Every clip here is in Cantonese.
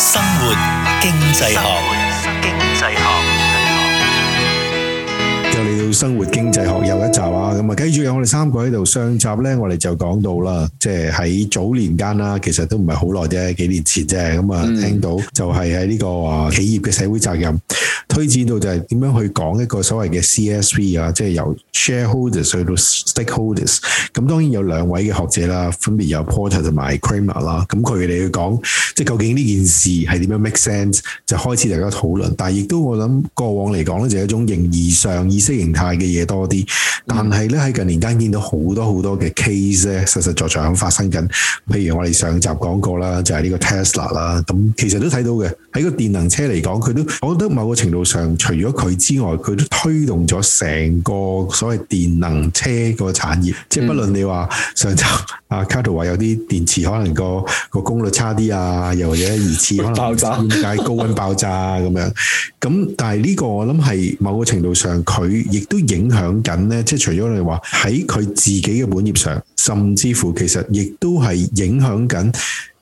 生活經濟學，經濟學又嚟到生活經濟學又一集啊！咁啊，跟住有我哋三個喺度。上集咧，我哋就講到啦，即係喺早年間啦，其實都唔係好耐啫，幾年前啫。咁啊，聽到就係喺呢個企業嘅社會責任。推展到就係點樣去講一個所謂嘅 CSV 啊，即係由 shareholders 去到 stakeholders，咁、啊、當然有兩位嘅學者啦、啊，分別有 Porter 同埋 Kramer 啦、啊，咁佢哋去講，即係究竟呢件事係點樣 make sense，就開始大家討論，但係亦都我諗過往嚟講咧，就係、是、一種形義上意識形態嘅嘢多啲。但係咧喺近年間見到好多好多嘅 case 咧，實實在在咁發生緊，譬如我哋上集講過啦，就係、是、呢個 Tesla 啦、啊，咁、啊、其實都睇到嘅喺個電能車嚟講佢都我覺得某個程度。上除咗佢之外，佢都推動咗成個所謂電能車個產業，即係不論你話、嗯、上集阿卡圖話有啲電池可能個個功率差啲啊，又或者疑次可能爆炸，點解高溫爆炸啊咁樣。咁但係呢個我諗係某個程度上，佢亦都影響緊咧。即係除咗你話喺佢自己嘅本業上，甚至乎其實亦都係影響緊。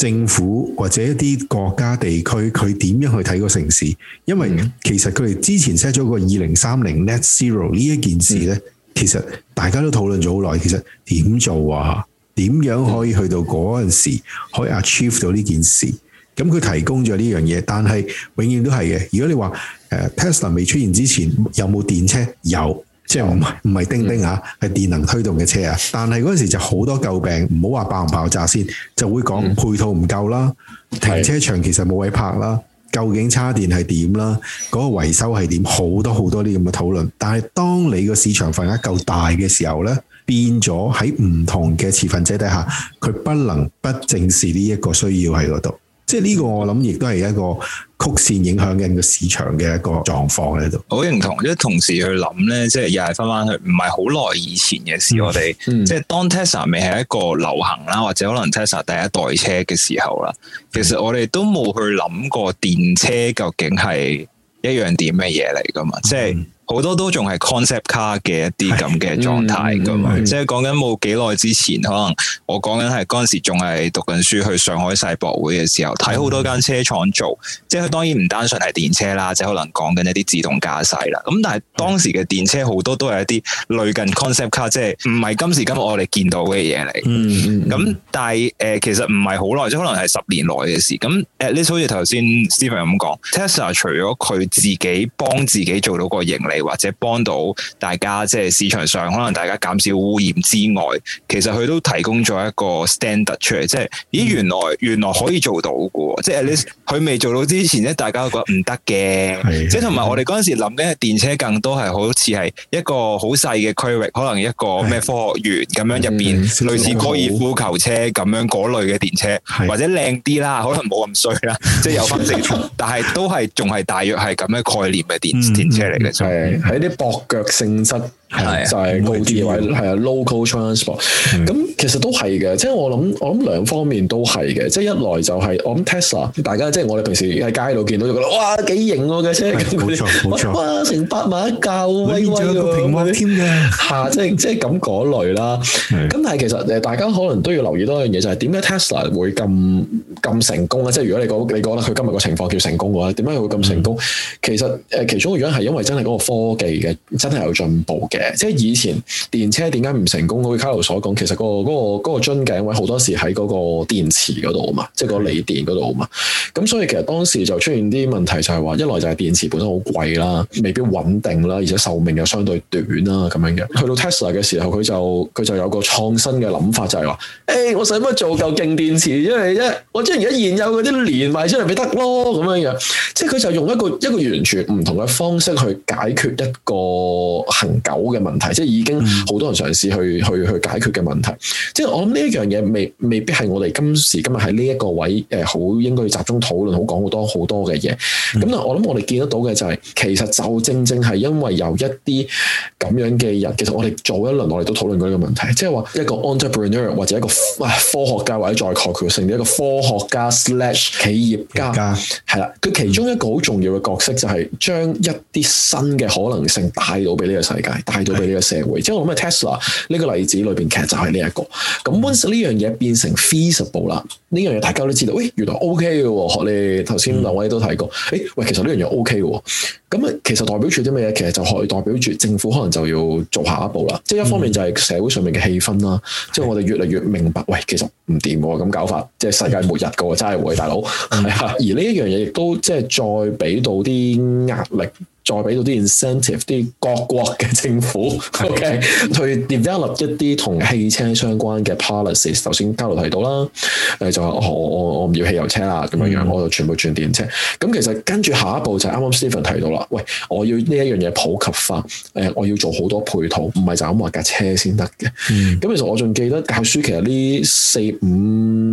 政府或者一啲國家地區，佢點樣去睇個城市？因為其實佢哋之前 set 咗個二零三零 Net Zero 呢一件事咧，嗯、其實大家都討論咗好耐。其實點做啊？點樣可以去到嗰陣時可以 achieve 到呢件事？咁佢提供咗呢樣嘢，但係永遠都係嘅。如果你話誒、呃、Tesla 未出現之前，有冇電車？有。即係唔係唔係叮叮啊，係、嗯、電能推動嘅車啊，但係嗰陣時就好多詬病，唔好話爆唔爆炸先，就會講配套唔夠啦，嗯、停車場其實冇位泊啦，究竟叉電係點啦，嗰、嗰個維修係點，好多好多呢咁嘅討論。但係當你個市場份額夠大嘅時候呢，變咗喺唔同嘅持份者底下，佢不能不正視呢一個需要喺嗰度。即係呢個我諗亦都係一個曲線影響緊個市場嘅一個狀況喺度。好認同，即係同時去諗呢，即係又係翻翻去，唔係好耐以前嘅事。我哋、嗯嗯、即係當 Tesla 未係一個流行啦，或者可能 Tesla 第一代車嘅時候啦，嗯、其實我哋都冇去諗過電車究竟係一樣點嘅嘢嚟噶嘛？嗯、即係。好多都仲係 concept 卡嘅一啲咁嘅狀態咁啊，嗯嗯、即係講緊冇幾耐之前，可能我講緊係嗰陣時仲係讀緊書去上海世博會嘅時候，睇好多間車廠做，即係佢當然唔單純係電車啦，即係可能講緊一啲自動駕駛啦。咁但係當時嘅電車好多都係一啲類近 concept 卡，即係唔係今時今日我哋見到嘅嘢嚟。嗯咁但係誒、呃、其實唔係好耐，即可能係十年內嘅事。咁誒 t 好似頭先 s t 咁講 t e s l a 除咗佢自己幫自己做到個盈利。或者幫到大家，即係市場上可能大家減少污染之外，其實佢都提供咗一個 standard 出嚟，即係咦原來原來可以做到嘅，即係你佢未做到之前咧，大家都覺得唔得嘅，是的 即係同埋我哋嗰陣時諗緊嘅電車更多係好似係一個好細嘅區域，可能一個咩科學園咁是的 樣入邊，的類似高爾夫球車咁樣嗰類嘅電車，是的 或者靚啲啦，可能冇咁衰啦， 即係有翻四正，但係都係仲係大約係咁嘅概念嘅電電車嚟嘅啫。是的 喺啲駁腳性質。係、啊、就係高啲位，係啊，local transport。咁的其實都係嘅，即、就、係、是、我諗，我諗兩方面都係嘅。即、就、係、是、一來就係、是、我諗 Tesla，大家即係、就是、我哋平時喺街度見到就覺得哇幾型嘅、啊、車，冇錯冇錯，哇，冇錯哇成百萬一嚿、啊、威威㗎、啊，屏幕添嘅嚇，啊、 即係即係咁嗰類啦。咁的但係其實誒，大家可能都要留意多一樣嘢，就係、是、點解 Tesla 會咁咁成功咧？即、就、係、是、如果你講你講啦，佢今日個情況叫成功嘅話，點解佢會咁成功？嗯、其實誒，其中一個原因係因為真係嗰個科技嘅真係有進步嘅。即係以前電車點解唔成功？好似卡羅所講，其實、嗰個、嗰個嗰個樽頸位好多時喺嗰個電池嗰度啊嘛，即係嗰個鋰電嗰度啊嘛。咁所以其實當時就出現啲問題就，就係話一來就係電池本身好貴啦，未必穩定啦，而且壽命又相對短啦咁樣嘅。去到 Tesla 嘅時候，佢就佢就有個創新嘅諗法、就係，就係話：誒，我使乜做嚿勁電池出嚟啫？我將而家現有嗰啲連埋出嚟咪得咯咁樣樣。即係佢就用一個一個完全唔同嘅方式去解決一個恒久嘅問題，即係已經好多人嘗試去、嗯、去去解決嘅問題。即係我諗呢一樣嘢，未未必係我哋今時今日喺呢一個位誒，好應該要集中討論，好講好多好多嘅嘢。咁、嗯、但我諗，我哋見得到嘅就係、是，其實就正正係因為有一啲咁樣嘅人，其實我哋早一輪我哋都討論過呢個問題，即係話一個 entrepreneur 或者一個科學家，或者再概括成一個科學家 slash 企業家，係啦家。佢其中一個好重要嘅角色就係將一啲新嘅可能性帶到俾呢個世界，帶到佢呢個社會，即係我諗嘅 Tesla 呢個例子裏邊，其實就係呢一個。咁呢樣嘢變成 feasible 啦、嗯，呢樣嘢大家都知道，喂，原來 OK 嘅。學你頭先兩位都提過，誒、嗯欸，喂，其實呢樣嘢 OK 嘅。咁、嗯、啊，其實代表住啲咩嘢？其實就可以代表住政府可能就要做下一步啦。即係、嗯、一方面就係社會上面嘅氣氛啦。嗯、即係我哋越嚟越明白，喂，其實唔掂咁搞法，即係世界末日噶，真係喂大佬。係啊、嗯， 而呢一樣嘢亦都即係再俾到啲壓力。再俾到啲 incentive，啲各國嘅政府，OK， 去 develop 一啲同汽車相關嘅 policies。頭先交流提到啦，誒就話我我我唔要汽油車啦，咁樣樣我就全部轉電車。咁、嗯、其實跟住下一步就係啱啱 Stephen 提到啦，喂，我要呢一樣嘢普及化，誒，我要做好多配套，唔係就咁話架車先得嘅。咁、嗯、其實我仲記得教書，其實呢四五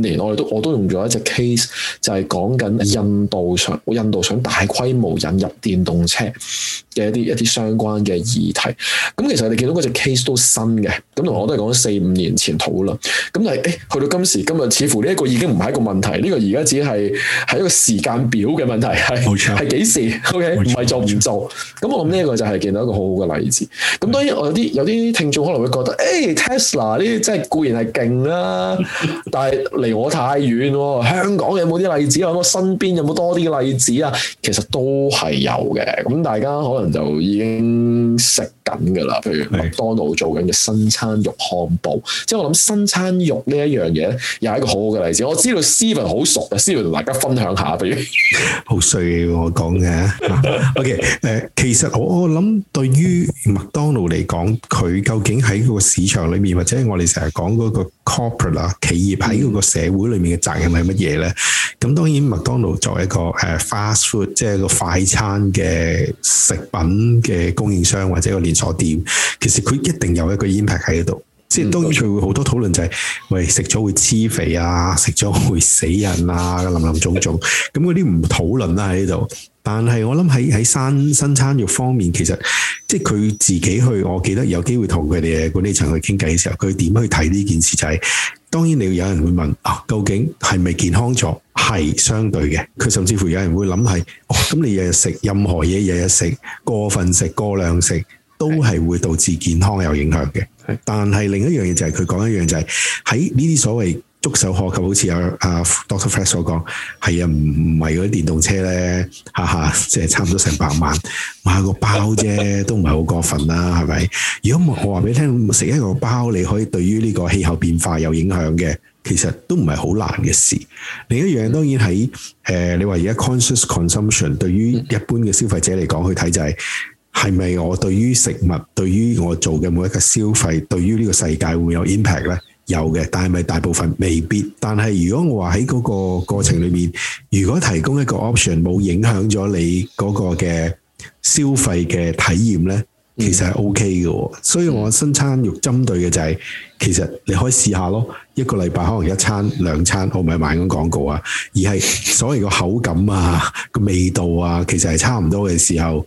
年我哋都我都用咗一隻 case，就係講緊印度想印度想大規模引入電動車嘅一啲一啲相關嘅議題。咁其實你見到嗰隻 case 都新嘅，咁同我都係講咗四五年前討論，咁但係誒去到今時今日，似乎呢一個已經唔係一個問題，呢個而家只係係一個時間表嘅問題，係冇錯，係幾時？OK，唔係做唔做？咁我諗呢一個就係見到一個好好嘅例子。咁當然我有啲有啲聽眾可能會覺得誒、欸、Tesla 呢啲真係固然係勁啦， 但係。你。我太遠喎，香港有冇啲例子啊？我身邊有冇多啲嘅例子啊？其實都係有嘅，咁大家可能就已經食緊㗎喇。譬如麥當勞做緊嘅新餐肉漢堡，是即係我諗新餐肉呢一樣嘢，又係一個好好嘅例子。我知道 Stephen，好熟 Stephen 同大家分享下，不如好衰我講嘅。 OK，誒、呃，其實我我諗對於麥當勞嚟講，佢究竟喺個市場裏面，或者我哋成日講嗰個。Corporate 啊，企業喺嗰個社會裏面嘅責任係乜嘢咧？咁當然麥當勞作為一個誒 fast food，即係一個快餐嘅食品嘅供應商或者一個連鎖店，其實佢一定有一個 impact 喺呢度。即係當然佢會好多討論就係：喂，食咗會黐肥啊，食咗會死人啊，林林總總。咁嗰啲唔討論啦喺呢度。但係我諗喺喺生新餐肉方面，其實。即係佢自己去，我記得有機會同佢哋管理層去傾偈嘅時候，佢點去睇呢件事就係，當然你要有人會問啊，究竟係咪健康咗？係相對嘅，佢甚至乎有人會諗係，咁你日日食任何嘢，日日食過分食、過量食，都係會導致健康有影響嘅。係，但係另一樣嘢就係佢講一樣就係喺呢啲所謂。觸手可及，好似阿阿 Doctor Fred 所講，係啊，唔唔係嗰啲電動車咧，哈哈，即係差唔多成百萬買個包啫，都唔係好過分啦，係咪？如果我我話俾你聽，食一個包，你可以對於呢個氣候變化有影響嘅，其實都唔係好難嘅事。另一樣當然喺誒、呃，你話而家 conscious consumption 對於一般嘅消費者嚟講去睇、就係，就係係咪我對於食物，對於我做嘅每一個消費，對於呢個世界會唔會有 impact 咧？有嘅，但係咪大部分未必？但係如果我話喺嗰個過程裏面，如果提供一個 option 冇影響咗你嗰個嘅消費嘅體驗呢，其實係 OK 嘅。所以我新餐肉針對嘅就係，其實你可以試下咯，一個禮拜可能一餐兩餐，我唔係買緊廣告啊，而係所謂個口感啊，個味道啊，其實係差唔多嘅時候。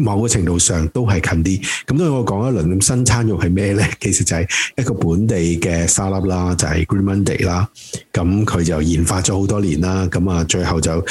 某個程度上都係近啲，咁所以我講一輪咁新餐肉係咩呢？其實就係一個本地嘅沙粒啦，就係、是、Green Monday 啦。咁佢就研發咗好多年啦。咁啊，最後就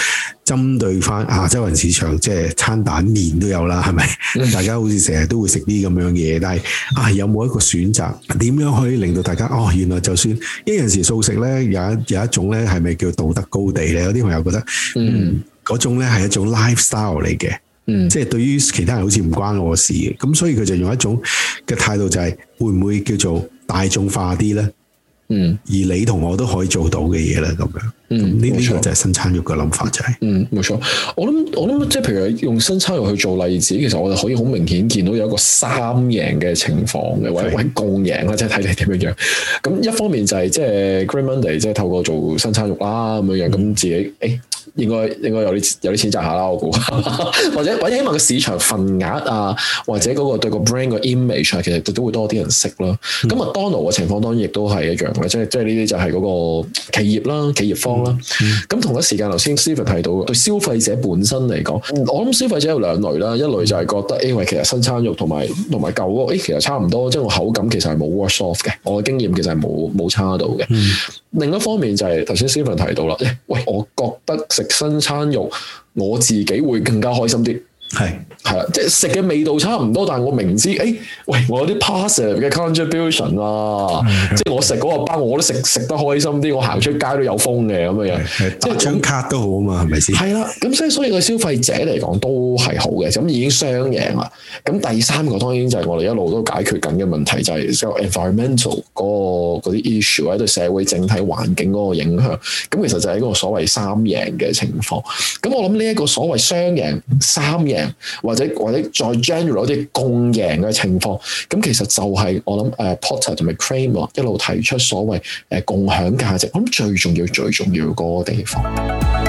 針對翻亞洲人市場，即係餐蛋麵都有啦，係咪？ 大家好似成日都會食啲咁樣嘢，但係啊，有冇一個選擇？點樣可以令到大家哦？原來就算呢陣時素食呢，有一有一種呢係咪叫道德高地呢？有啲朋友覺得，嗯，嗰種呢係一種 lifestyle 嚟嘅。嗯，即係對於其他人好似唔關我事嘅，咁所以佢就用一種嘅態度就係，會唔會叫做大眾化啲咧？嗯，而你同我都可以做到嘅嘢咧，咁樣。樣樣嗯，呢呢個就係新餐肉嘅諗法就係、是。嗯，冇錯。我諗我諗即係譬如用新餐肉去做例子，其實我就可以好明顯見到有一個三贏嘅情況嘅，或者係共贏啦，即係睇你點樣樣。咁一方面就係即係 Green Monday，即係透過做新餐肉啦咁樣，咁自己誒。哎應該應該有啲有啲錢賺下啦，我估。 或者或者希望個市場份額啊，或者嗰個對個 brand 嘅 image 啊，其實都會多啲人識啦。咁麥當勞嘅情況當然亦都係一樣嘅，即係即係呢啲就係、是、嗰個企業啦、企業方啦。咁、嗯嗯、同一時間，頭先 Steven 提到對消費者本身嚟講，嗯、我諗消費者有兩類啦。一類就係覺得，因為其實新餐肉同埋同埋舊肉，誒、欸、其實差唔多，即係個口感其實係冇 wash off 嘅。我嘅經驗其實係冇冇差到嘅。嗯、另一方面就係頭先 Steven 提到啦，喂，我覺得食新餐肉，我自己會更加開心啲。係係啦，即係食嘅味道差唔多，但係我明知，誒、哎，喂，我有啲 passive 嘅 contribution 啊的，即係我食嗰個包，我都食食得開心啲，我行出街都有風嘅咁樣樣，的即係張槍卡、嗯、都好啊嘛，係咪先？係啦，咁所以所以個消費者嚟講都係好嘅，咁已經雙贏啦。咁第三個當然就係我哋一路都解決緊嘅問題，就係、是、即係 environmental 嗰個啲 issue，喺對社會整體環境嗰個影響。咁其實就係一個所謂三贏嘅情況。咁我諗呢一個所謂雙贏、三贏。或者或者再 general 啲共贏嘅情況，咁其實就係、是、我諗誒 Porter 同埋 Cramer 一路提出所謂誒、呃、共享價值，我諗最重要最重要嗰個地方。